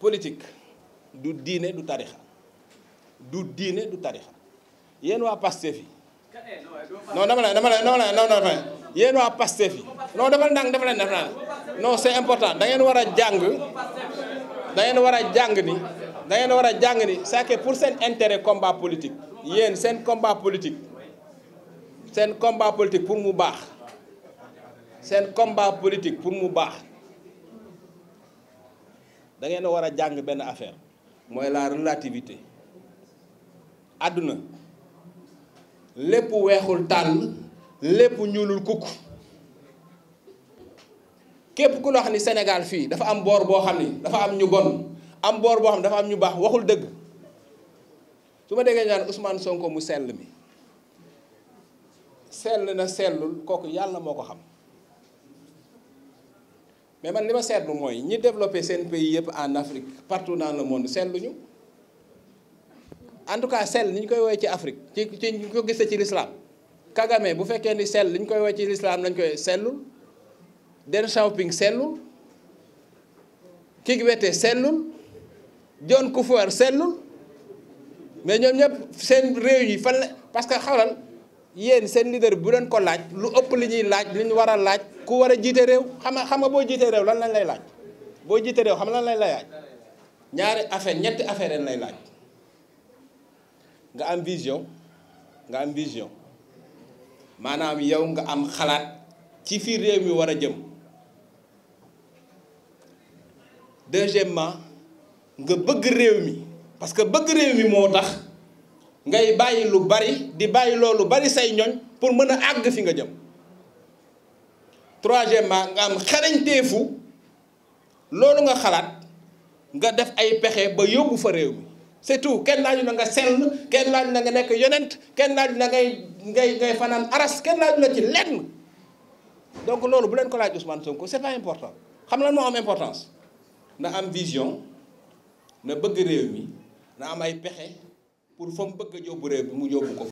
politique du diine du tarixa du diine du tarixa yéen waa Pastef yi non dama ne dama ne non non non yéen waa Pastef yi non dafa ndànk dafa leen def naa non c'est important da ngeen war a jàng da ngeen war a jàng ni da ngeen war a jàng ni c'est pour seen intérêt combat politique yéen seen combat politique seen combat politique pour mu baax seen combat politique pour mu baax da ngeen war a jàng benn affaire mooy la relativité àdduna lépp weexul tàll lépp ñuulul kukk képp ku la ni senegal fii dafa am boor boo xam ni dafa am ñu bon am boor boo xam ne dafa am ñu baax waxul dëgg su ma déggee ñaan Ousmane Sonko mu sell mi sell na sellul kooku yàlla moo ko xam mais man li ma seetlu mooy ñi développé seen pays yëpp en Afrique partout dans le monde seetluñu en tout cas sell ni ñu koy woowee ci Afrique ci ci ñu ko gisee ci l'islam Kagame bu fekkee ni seen li ñu koy woowee ci l'islam lañ koy sellul Deng Xiaoping sellul Kikwete sellul John Kufuor sellul mais ñoom ñëpp seen réew yi fan la parce que xawlal yéen seen leader bu leen ko laaj lu ëpp li ñuy laaj li ñu war a laaj ku war a jiite réew xam nga xam nga boo jiitee réew lan lañ lay laaj boo jiite réew xam lan lañ lay laaj ñaari affaire ñetti affaire lañ lay laaj nga am vision nga am vision maanaam yow nga am xalaat ci fii réew mi war a jëm deuxièmement nga bëgg réew mi parce que bëgg réew mi moo tax ngay bàyyi lu bari di bàyyi loolu bari say ñoñ pour mën a àgg fi nga jëm troisièmement nga am xarañteefu loolu nga xalaat nga def ay pexe ba yóbbu fa réew mi c'est tout kenn laaju na nga sell kenn laaju na nga nekk yonent kenn laaju na ngay ngay ngay fanaan aras kenn laaju na ci lenn donc loolu bu leen ko laaj Ousmane Sonko c'est pas important xam lan moo am importance na am vision na bëgg réew mi na am ay pexe pour fa mu bëgg a yóbbu réew bi mu yóbbu ko